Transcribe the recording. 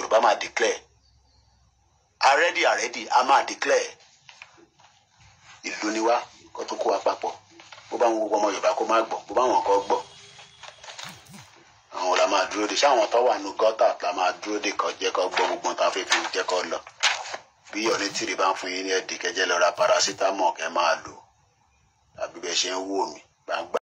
yorùbá máa declare already already a máa declare ìlú ni wá kó tó kó wa papọ̀ bó bá wọn gbogbo ọmọ yorùbá kó má gbọ́ bó bá wọn kọ́ gbọ́ àwọn la máa dúró de sáwọn tó wà nù gọ́tà la máa dúró de kọ́ jẹ́ kọ́ gbọ́ gbogbo tá a fẹ́ fi jẹ́ kọ́ lọ bí yọ̀ọ́ ní tìrì bá ń fún yín ní ẹ̀dì kẹjẹ lọ ra kẹ́ máa lò tàbí bẹ́ẹ̀ ṣe ń wò mí gbangba.